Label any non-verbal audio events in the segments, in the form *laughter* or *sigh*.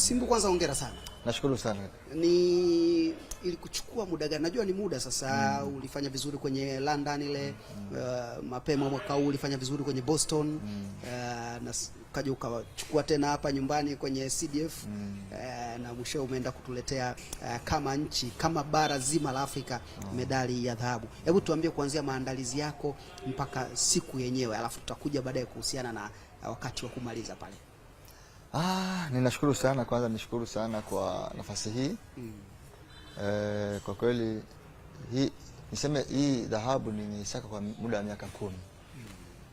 Simbu, kwanza hongera sana. Nashukuru sana. Ni ilikuchukua muda gani? Najua ni muda sasa. Mm. Ulifanya vizuri kwenye London ile. Mm. Uh, mapema mwaka huu ulifanya vizuri kwenye Boston. Mm. Uh, na ukaja ukachukua tena hapa nyumbani kwenye CDF. Mm. Uh, na mwisho umeenda kutuletea uh, kama nchi kama bara zima la Afrika mm. medali ya dhahabu. Hebu tuambie kuanzia maandalizi yako mpaka siku yenyewe, alafu tutakuja baadaye kuhusiana na uh, wakati wa kumaliza pale. Ah, ninashukuru sana kwanza, nishukuru sana kwa nafasi hii mm. E, kwa kweli hii niseme hii dhahabu nimeisaka kwa muda wa miaka kumi mm.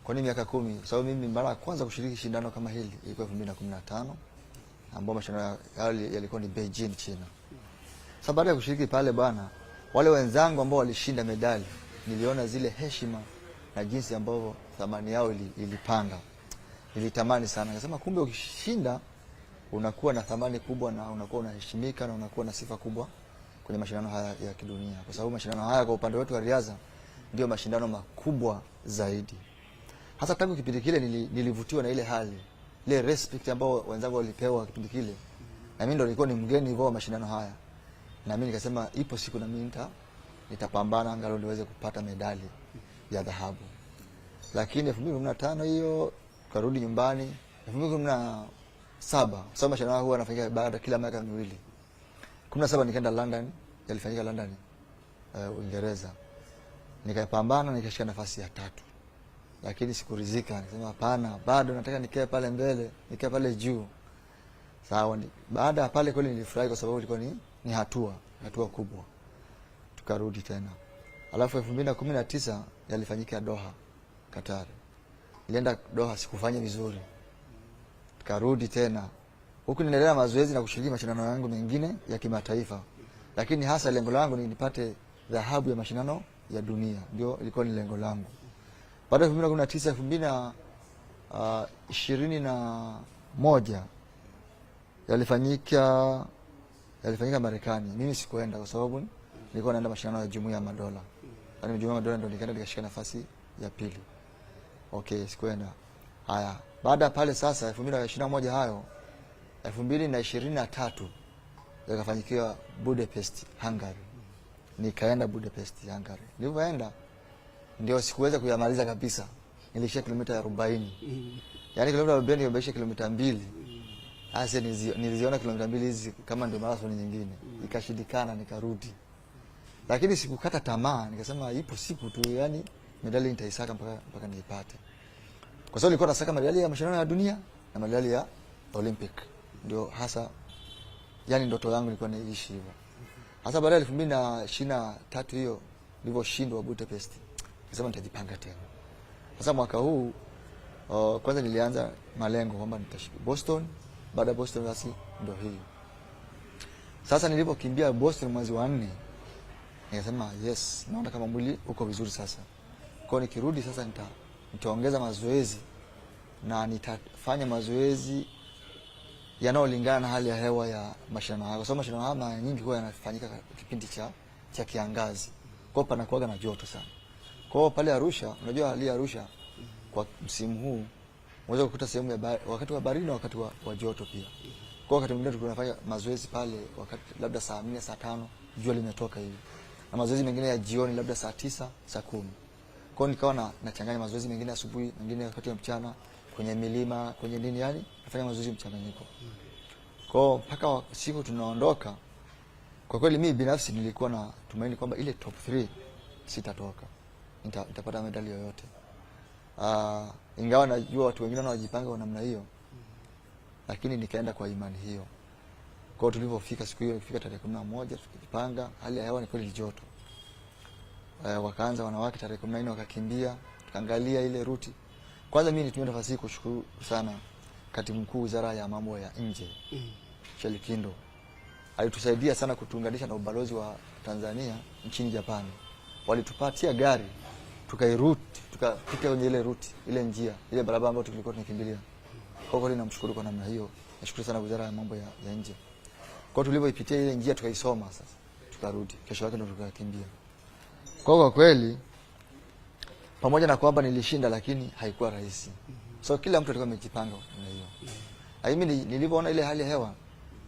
Kwa nini miaka kumi? Kwa sababu mimi mara ya kwanza kushiriki shindano kama hili ilikuwa 2015 ambapo mashindano yale yalikuwa ni Beijing, China. Sasa baada ya kushiriki pale bwana, wale wenzangu ambao walishinda medali niliona zile heshima na jinsi ambavyo thamani yao ilipanda nilitamani sana, nikasema kumbe ukishinda unakuwa na thamani kubwa na unakuwa unaheshimika na unakuwa na sifa kubwa kwenye mashindano haya ya kidunia, kwa sababu mashindano haya kwa upande wetu wa riadha ndio mashindano makubwa zaidi. Hasa tangu kipindi kile nilivutiwa na ile hali ile respect ambayo wenzangu walipewa kipindi kile, na mimi ndo nilikuwa ni mgeni hivyo wa mashindano haya, na mimi nikasema ipo siku na mimi nitapambana angalau niweze kupata medali ya dhahabu, lakini 2015 hiyo tukarudi nyumbani elfu mbili kumi na saba kwa sababu mashindano huwa baada kila miaka miwili. kumi na saba nikaenda London, yalifanyika London uh, Uingereza, nikapambana nikashika nafasi ya tatu, lakini sikuridhika. Nikasema hapana, bado nataka nikae pale mbele, nikae pale juu. Sawa, baada ya pale kweli nilifurahi kwa sababu ilikuwa ni, ni hatua hatua kubwa. Tukarudi tena, alafu elfu mbili na kumi na tisa yalifanyika Doha, katari nilienda Doha, sikufanya vizuri, karudi tena huku, niendelea mazoezi na kushiriki mashindano yangu mengine ya kimataifa, lakini hasa lengo langu ni nipate dhahabu ya mashindano ya dunia, ndio ilikuwa ni lengo langu. Baada ya na na kumi 2019 2020 na ishirini na moja yalifanyika yalifanyika Marekani. Mimi sikuenda kwa sababu nilikuwa naenda mashindano ya Jumuiya ya Madola, yaani Jumuiya ya Madola ndo nikaenda nikashika nafasi ya pili. Okay, sikwenda. Haya, baada pale sasa 2021 hayo 2023 yakafanyikiwa Budapest, Hungary. Nikaenda Budapest, Hungary. Nilipoenda ndio sikuweza kuyamaliza kabisa. Nilishia kilomita 40. Yaani kilomita 40 nimebaisha kilomita 2. Asa niliziona kilomita 2 hizi kama ndio marathon nyingine. Ikashindikana nikarudi. Lakini sikukata tamaa, nikasema ipo siku tu yani medali nitaisaka mpaka mpaka niipate, kwa sababu nilikuwa nasaka medali ya mashindano ya dunia na medali ya Olympic, ndio hasa yani ndoto yangu nilikuwa naishi hivyo. Hasa baada ya 2023 hiyo nilivyoshindwa Budapest, nikasema nitajipanga tena. Sasa mwaka huu uh, kwanza nilianza malengo kwamba nitashika Boston, baada ya Boston basi ndio hii. Sasa nilipokimbia Boston mwezi wa nne nikasema yes, naona kama mwili uko vizuri sasa. Kwa nikirudi sasa nita, nitaongeza mazoezi na nitafanya mazoezi yanayolingana na hali ya hewa ya mashindano hayo, kwa sababu mashindano haya mara nyingi huwa yanafanyika kipindi cha cha kiangazi, kwa hiyo panakuwa na joto sana. Kwa hiyo pale Arusha, unajua hali ya Arusha kwa msimu huu unaweza kukuta sehemu ya wakati wa baridi na wakati wa, wa joto pia. Kwa wakati mwingine tunafanya mazoezi pale wakati labda saa 4 saa 5 jua limetoka hivi, na mazoezi mengine ya jioni labda saa tisa saa kumi. Kwa hiyo nikawa nachanganya mazoezi mengine asubuhi, mengine wakati wa mchana, kwenye milima, kwenye nini yani nafanya mazoezi mchanganyiko. Kwa hiyo mpaka siku tunaondoka, kwa kweli mimi binafsi nilikuwa na tumaini kwamba ile top 3 sitatoka. Nita, nitapata medali yoyote. Uh, ingawa najua watu wengine wanajipanga kwa namna hiyo. Lakini nikaenda kwa imani hiyo. Kwa hiyo tulipofika siku hiyo, ilifika tarehe kumi na moja tukijipanga, hali ya hewa ni kweli joto uh, wakaanza wanawake tarehe kumi na nne wakakimbia, tukaangalia ile ruti. Kwanza mimi nitumia nafasi hii kushukuru sana katibu mkuu wizara ya mambo ya nje mm. Shelikindo alitusaidia sana kutuunganisha na ubalozi wa Tanzania nchini Japan. Walitupatia gari tukairuti, tukapita kwenye ile ruti, ile njia, ile barabara ambayo tulikuwa tunakimbilia. Kwa kweli namshukuru kwa namna hiyo. Nashukuru sana wizara ya mambo ya, ya nje. Kwa tulivyoipitia ile njia tukaisoma sasa. Tukarudi. Kesho yake ndo tukakimbia. Kwa kwa kweli, pamoja na kwamba nilishinda, lakini haikuwa rahisi. So kila mtu alikuwa amejipanga na hiyo. Ai, mimi nilipoona ile hali ya hewa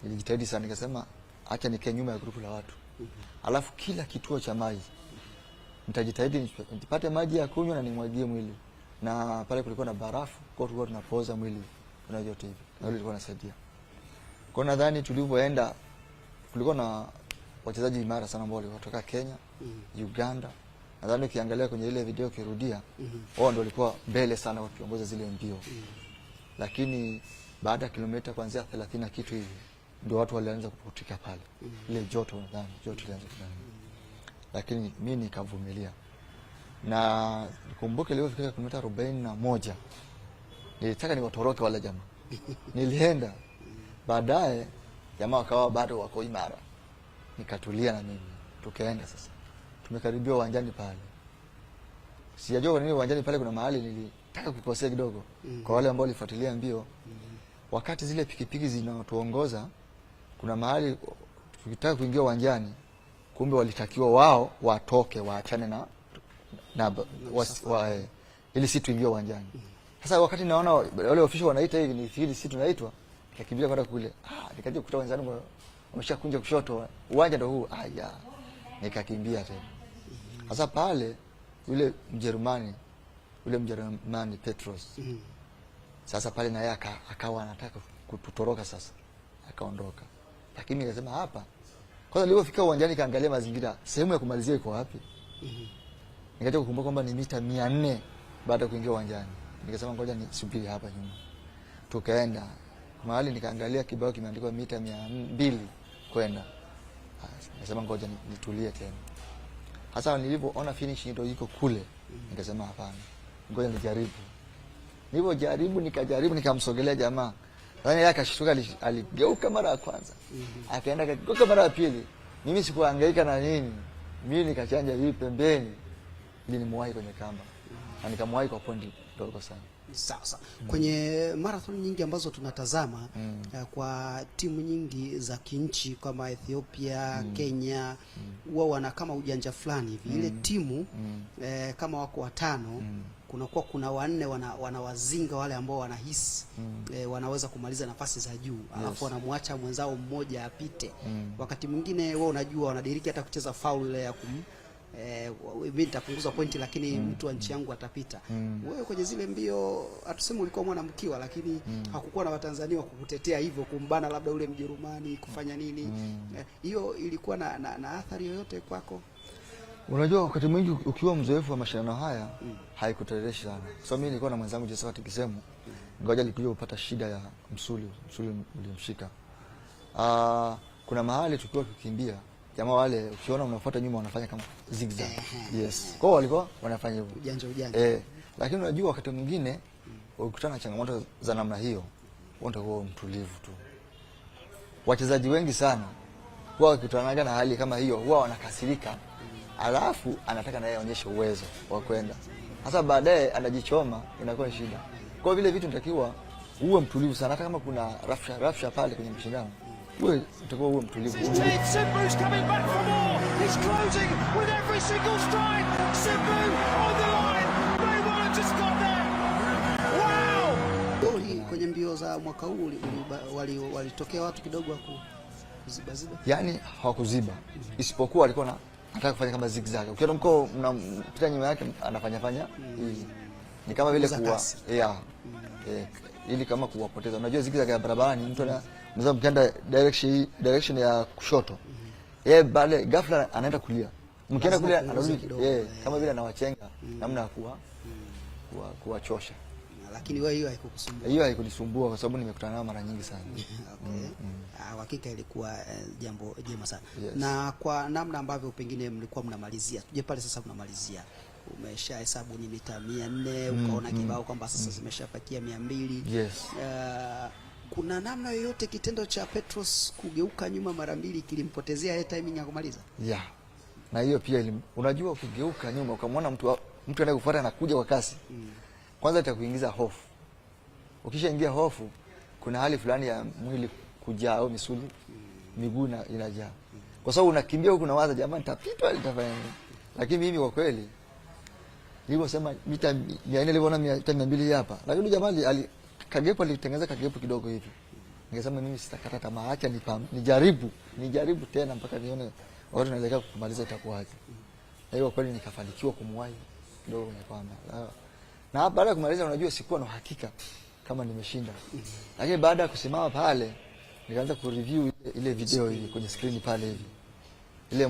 nilijitahidi sana, nikasema acha nikae nyuma ya grupu la watu, alafu kila kituo cha maji nitajitahidi nipate maji ya kunywa na nimwagie mwili, na pale kulikuwa na barafu, kwa tulikuwa tunapoza mwili tunavyote hivi, na ilikuwa inasaidia. Kwa nadhani tulivyoenda kulikuwa na wachezaji imara sana ambao walitoka Kenya mm. Uganda nadhani ukiangalia kwenye ile video kirudia, mm -hmm. wao ndio walikuwa mbele sana wakiongoza zile mbio mm. lakini baada ya kilomita kuanzia 30 na kitu hivi ndio watu walianza kupotika pale mm. ile joto nadhani joto ilianza mm. lakini mimi nikavumilia na nikumbuke leo ilipofika kilomita 41. na nilitaka niwatoroke wale jamaa *laughs* nilienda baadaye jamaa wakawa bado wako imara nikatulia na mimi tukaenda sasa, tumekaribia uwanjani pale, sijajua kwa nini uwanjani pale kuna mahali nilitaka kukosea kidogo mm -hmm. kwa wale ambao walifuatilia mbio mm -hmm. wakati zile pikipiki zinatuongoza, kuna mahali tukitaka kuingia uwanjani, kumbe walitakiwa wao watoke waachane na, na, wa, eh, ili si tuingie uwanjani mm Sasa wakati naona wale official wanaita hivi, nifikiri si tunaitwa, nikakimbia kwenda kule, ah, nikaja kukuta wenzangu umeshakunja kushoto, uwanja ndo huu. Aya, nikakimbia tena. Sasa pale yule Mjerumani yule Mjerumani Petros mm. Sasa pale naye akawa anataka kutoroka sasa, akaondoka, lakini nikasema hapa kwanza. Nilipofika uwanjani kaangalia mazingira, sehemu ya kumalizia iko wapi? mm. Nikaja kukumbuka kwamba ni mita mia nne baada ya kuingia uwanjani, nikasema ngoja nisubiri hapa nyuma. Tukaenda mahali nikaangalia kibao kimeandikwa mita mia mbili kwenda. Ah, nikasema ngoja nitulie tena. Hasa nilivyoona finish ndio iko kule, nikasema hapana. Ngoja nijaribu. jaribu nikajaribu nikamsogelea jamaa. Yaani yeye akashtuka aligeuka mara ya kwanza. Mhm. Akaenda akageuka mara ya pili. Mimi sikuhangaika na nini. Mimi nikachanja hivi pembeni ili nimwahi kwenye kamba. Na nikamwahi kwa pondi ndogo sana sasa mm. kwenye marathon nyingi ambazo tunatazama mm. uh, kwa timu nyingi za kinchi kama Ethiopia mm. Kenya mm. huwa mm. wana kama ujanja fulani hivi mm. ile timu mm. Eh, kama wako watano mm. kunakuwa kuna wanne wana, wale ambao wanahisi mm. e, wanaweza kumaliza nafasi za juu alafu yes. wanamwacha mwenzao mmoja apite mm. wakati mwingine wewe unajua wanadiriki hata kucheza faul ya kum eh, mimi nitapunguza pointi lakini mm. mtu wa nchi yangu atapita. Mm. Wewe kwenye zile mbio hatuseme ulikuwa mwanamkiwa, lakini mm. hakukuwa na Watanzania wa kukutetea hivyo, kumbana labda ule Mjerumani kufanya nini hiyo mm. eh, ilikuwa na, na, na athari yoyote kwako? Unajua, wakati mwingi ukiwa mzoefu wa mashindano haya mm. haikutetereshi sana so, mimi nilikuwa na mwenzangu Josephat Kisemu mm. ngoja alikuja kupata shida ya msuli, msuli ulimshika. uh, kuna mahali tukiwa tukikimbia jamaa wale ukiona unafuata nyuma wanafanya kama zigzag. Yes. Kwa hiyo walikuwa wanafanya hivyo. Ujanja ujanja. Eh, lakini unajua wakati mwingine ukikutana na changamoto za namna hiyo, utakuwa mtulivu tu. Wachezaji wengi sana huwa wakikutana na hali kama hiyo huwa wanakasirika. Alafu anataka naye aonyeshe uwezo wa kwenda. Sasa baadaye anajichoma inakuwa shida. Kwa vile vitu nitakiwa uwe mtulivu sana hata kama kuna rafsha rafsha pale kwenye mshindano wewe utakuwa mtulivu. Kwenye mbio za mwaka huu walitokea watu kidogo wakuzibaziba, yani hawakuziba, isipokuwa alikuwa na nataka kufanya kama zigzag. Ukiona mko mnapita nyuma yake anafanya fanya mm. hivi. Ni kama vile kuwa yeah. Mm. ili kama kuwapoteza. Unajua zigzag ya barabarani mtu mzee mkienda direction direction ya kushoto yeye baadaye ghafla anaenda kulia, mkienda kulia anarudi yeye eh. kama vile anawachenga mm. namna ya kuwa kuwachosha. Mm. Lakini wewe hiyo haikukusumbua? Hiyo haikunisumbua kwa sababu nimekutana nayo mara nyingi sana. Mm, okay. Mm. Ah, hakika ilikuwa eh, jambo jema sana. Yes. Na kwa namna ambavyo pengine mlikuwa mnamalizia, tuje pale sasa mnamalizia hesabu ni mita mia nne ukaona mm, kibao kwamba sasa zimeshapakia mia mbili yes. Uh, kuna namna yoyote kitendo cha Petros kugeuka nyuma mara mbili kilimpotezea yeye timing ya kumaliza? Yeah. Na hiyo pia ilim, unajua ukigeuka nyuma ukamwona mtu mtu anayekufuata anakuja kwa kasi. Mm. Kwanza itakuingiza hofu. Ukishaingia hofu kuna hali fulani ya mwili kujaa au misuli mm. miguu inajaa. Mm. Kwa sababu unakimbia huko unawaza jamani nitapitwa nitafanya nini? Lakini mimi kwa kweli nilivyosema mita 400 niliona mita 200 hapa. Lakini jamani ali Kagepo alitengeneza kagepo kidogo hivi. ningesema mimi sitakata tamaa, acha nipam, nijaribu, nijaribu tena mpaka nione watu naelekea kumaliza itakuwaje. Na hiyo kweli nikafanikiwa kumwahi kidogo kwenye kwamba. Na baada ya kumaliza, unajua sikuwa na uhakika kama nimeshinda. Lakini baada ya kusimama pale nikaanza ku review ile ile video hivi kwenye screen pale hivi. Ile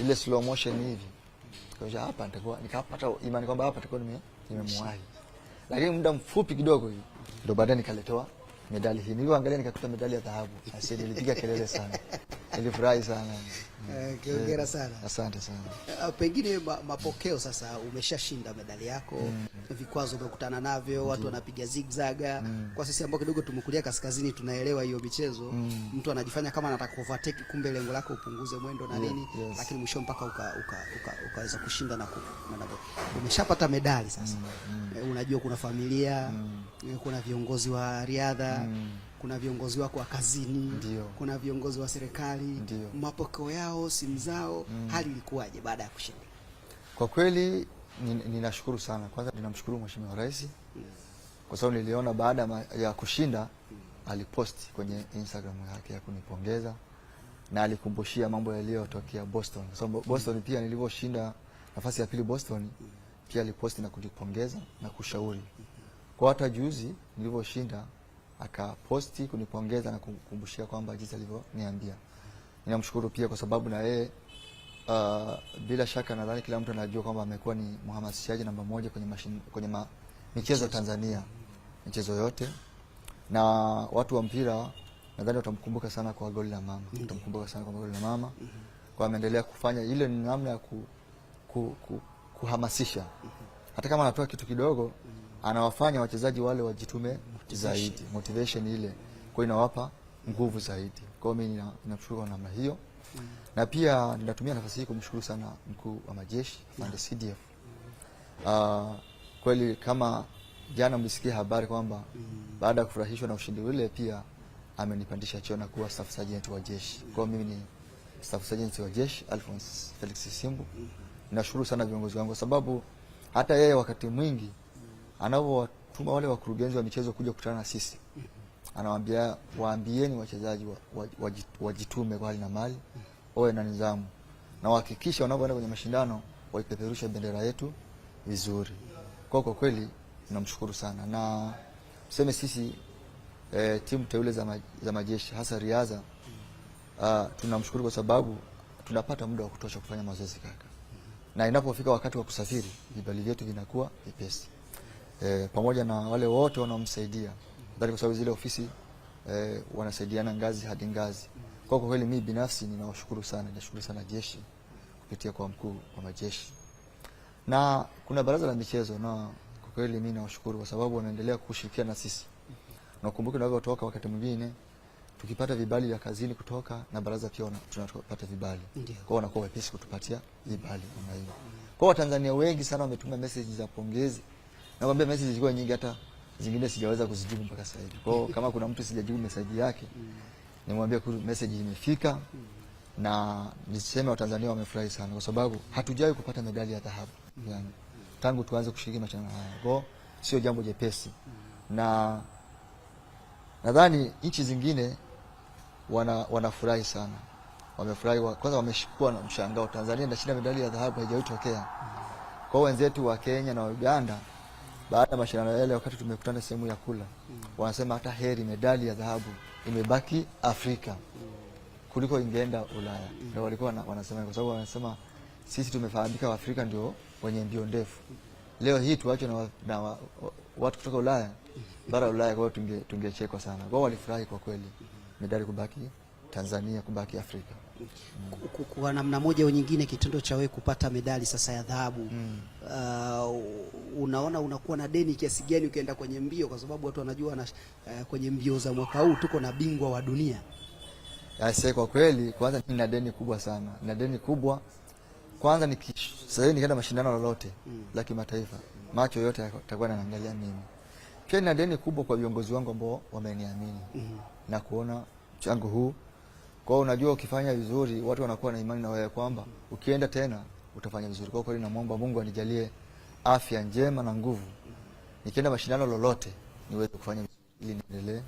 ile slow motion hivi. Kwa hiyo hapa nitakuwa nikapata imani kwamba hapa nitakuwa nimemwahi lakini muda mfupi kidogo hivi ndo baadaye nikaletewa medali hii. Nilioangalia nikakuta medali ya dhahabu, nilipiga kelele sana, nilifurahi sana. Eh, eh, kiongera sana. Asante sana. Eh, pengine mapokeo sasa, umeshashinda medali yako mm. Vikwazo umekutana navyo, watu wanapiga zigzaga mm. Kwa sisi ambao kidogo tumekulia kaskazini tunaelewa hiyo michezo mm. Mtu anajifanya kama anataka overtake, kumbe lengo lako upunguze mwendo na nini yeah, yes. Lakini mwisho mpaka ukaweza uka, uka, uka, kushinda na, na umeshapata medali sasa mm. Eh, unajua kuna familia mm. Kuna viongozi wa riadha mm kuna viongozi wako wa kazini Ndiyo. kuna viongozi wa serikali, mapokeo yao, simu zao mm. hali ilikuwaje baada ya kushinda? Kwa kweli ninashukuru ni sana, kwanza ninamshukuru Mheshimiwa Rais yes. Mm. kwa sababu niliona baada ya kushinda mm. aliposti kwenye Instagram yake ya kunipongeza na alikumbushia mambo yaliyotokea Boston kwa sababu mm. Boston mm. pia nilivyoshinda nafasi ya pili Boston mm. pia aliposti na kunipongeza na kushauri. Mm. Kwa hata juzi nilivyoshinda akaposti kunipongeza na kukumbushia kwamba jinsi alivyoniambia. Ninamshukuru pia kwa sababu na yeye uh, bila shaka nadhani kila mtu anajua kwamba amekuwa ni mhamasishaji namba moja kwenye mashin, kwenye ma, michezo Tanzania, michezo yote na watu wa mpira nadhani watamkumbuka sana kwa goli la mama, mm-hmm. watamkumbuka sana kwa goli la mama kwa ameendelea kufanya ile, ni namna ya ku, ku, ku, kuhamasisha mm-hmm. hata kama anatoa kitu kidogo, mm-hmm. anawafanya wachezaji wale wajitume motivation zaidi, motivation ile kwa inawapa nguvu zaidi. Kwa hiyo mimi ninashukuru kwa namna hiyo mm. na pia ninatumia nafasi hii kumshukuru sana mkuu wa majeshi afande CDF mm. Uh, kweli kama jana mlisikia habari kwamba mm. baada ya kufurahishwa na ushindi ule pia amenipandisha cheo na kuwa staff sergeant wa jeshi. Mm. Kwa hiyo mimi ni staff sergeant wa jeshi Alphonse Felix Simbu. mm. Nashukuru sana viongozi wangu sababu hata yeye wakati mwingi mm. anavyo anawatuma wale wakurugenzi wa michezo kuja kukutana na sisi, anawaambia waambieni wachezaji wajitume wa, wa, wa kwa hali na mali, wawe na nidhamu na wahakikisha wanapoenda kwenye mashindano waipeperushe bendera yetu vizuri. Kwa kwa kweli namshukuru sana, na tuseme sisi e, timu teule za, maj, za majeshi hasa riadha ah, tunamshukuru kwa sababu tunapata muda wa kutosha kufanya mazoezi kaka, na inapofika wakati wa kusafiri vibali vyetu vinakuwa vipesi e, pamoja na wale wote wanaomsaidia dhati, kwa sababu zile ofisi e, wanasaidiana ngazi hadi ngazi. Kwa kweli mimi binafsi ninawashukuru sana, nashukuru sana jeshi kupitia kwa mkuu wa majeshi na kuna baraza la michezo, na kwa kweli mimi nawashukuru kwa sababu wanaendelea kushirikiana na sisi. Nakumbuka navyotoka wakati mwingine tukipata vibali vya kazini kutoka na baraza pia tunapata vibali. Kwa wanakuwa wepesi kutupatia vibali namna hiyo. Kwa Watanzania wengi sana wametuma message za pongezi Nakwambia message zilikuwa nyingi, hata zingine sijaweza kuzijibu mpaka sasa hivi. Kwa hiyo kama kuna mtu sijajibu message yake, nimwambia kuru message imefika, na niseme Watanzania wamefurahi sana kwa sababu hatujawahi kupata medali ya dhahabu yani, tangu tuanze kushiriki mashindano haya. Kwa hiyo sio jambo jepesi, na nadhani nchi zingine wana wanafurahi sana, wamefurahi wa, kwanza wameshikwa na mshangao, Tanzania ndashinda medali ya dhahabu haijawahi tokea. Kwa wenzetu wa Kenya na Uganda baada ya mashindano yale, wakati tumekutana sehemu ya kula mm. wanasema hata heri medali ya dhahabu imebaki Afrika mm. kuliko ingeenda Ulaya mm. na walikuwa wanasema kwa sababu wanasema sisi tumefahamika Waafrika ndio wenye mbio ndefu. Leo hii tuache na, na wa, watu kutoka Ulaya bara Ulaya, kwa tungechekwa tunge sana. Kwao walifurahi kwa kweli mm. medali kubaki Tanzania, kubaki Afrika kwa namna moja au nyingine kitendo cha wewe kupata medali sasa ya dhahabu mm. Uh, unaona unakuwa na deni kiasi gani ukienda kwenye mbio, kwa sababu watu wanajua na, uh, kwenye mbio za mwaka huu tuko na bingwa wa dunia. Aise, kwa kweli kwanza nina deni kubwa sana, nina deni kubwa kwanza ni sasa nikaenda mashindano lolote mm. la kimataifa, macho yote yatakuwa yanaangalia mimi. Pia nina deni kubwa kwa viongozi wangu ambao wameniamini mm -hmm. na kuona mchango huu kwa hiyo unajua ukifanya vizuri watu wanakuwa na imani na wewe kwamba ukienda tena utafanya vizuri. Kwa kweli namwomba Mungu anijalie afya njema na nguvu. Nikienda mashindano lolote niweze kufanya vizuri ili niendelee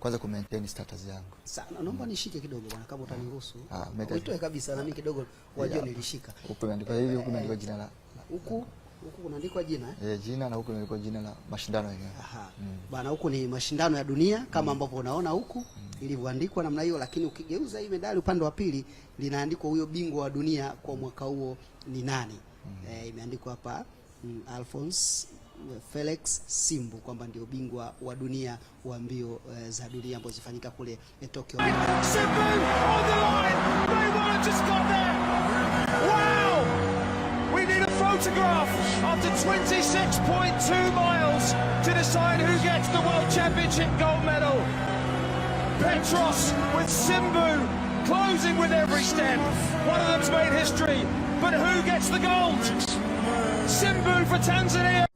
kwanza ku maintain status yangu. Sana naomba nishike kidogo bwana kama utaniruhusu. Ah, nitoe kabisa na mimi kidogo wajua nilishika. Upo andika hivi huko jina la. Huku Huku kunaandikwa jina eh? E, jina na huku kunaandikwa jina la mashindano yenyewe. Aha. Mm. Bana huku ni mashindano ya dunia kama mm. ambavyo unaona huku mm. ilivyoandikwa namna hiyo, lakini ukigeuza hii medali upande wa pili linaandikwa huyo bingwa wa dunia kwa mwaka huo ni nani? Mm. E, imeandikwa hapa mm, Alphonse Felix Simbu kwamba ndio bingwa wa dunia wa mbio e, za dunia ambazo zifanyika kule e, Tokyo. Wow! We need a photograph. after 26.2 miles to decide who gets the World Championship gold medal. Petros with Simbu closing with every step. One of them's made history, but who gets the gold? Simbu for Tanzania.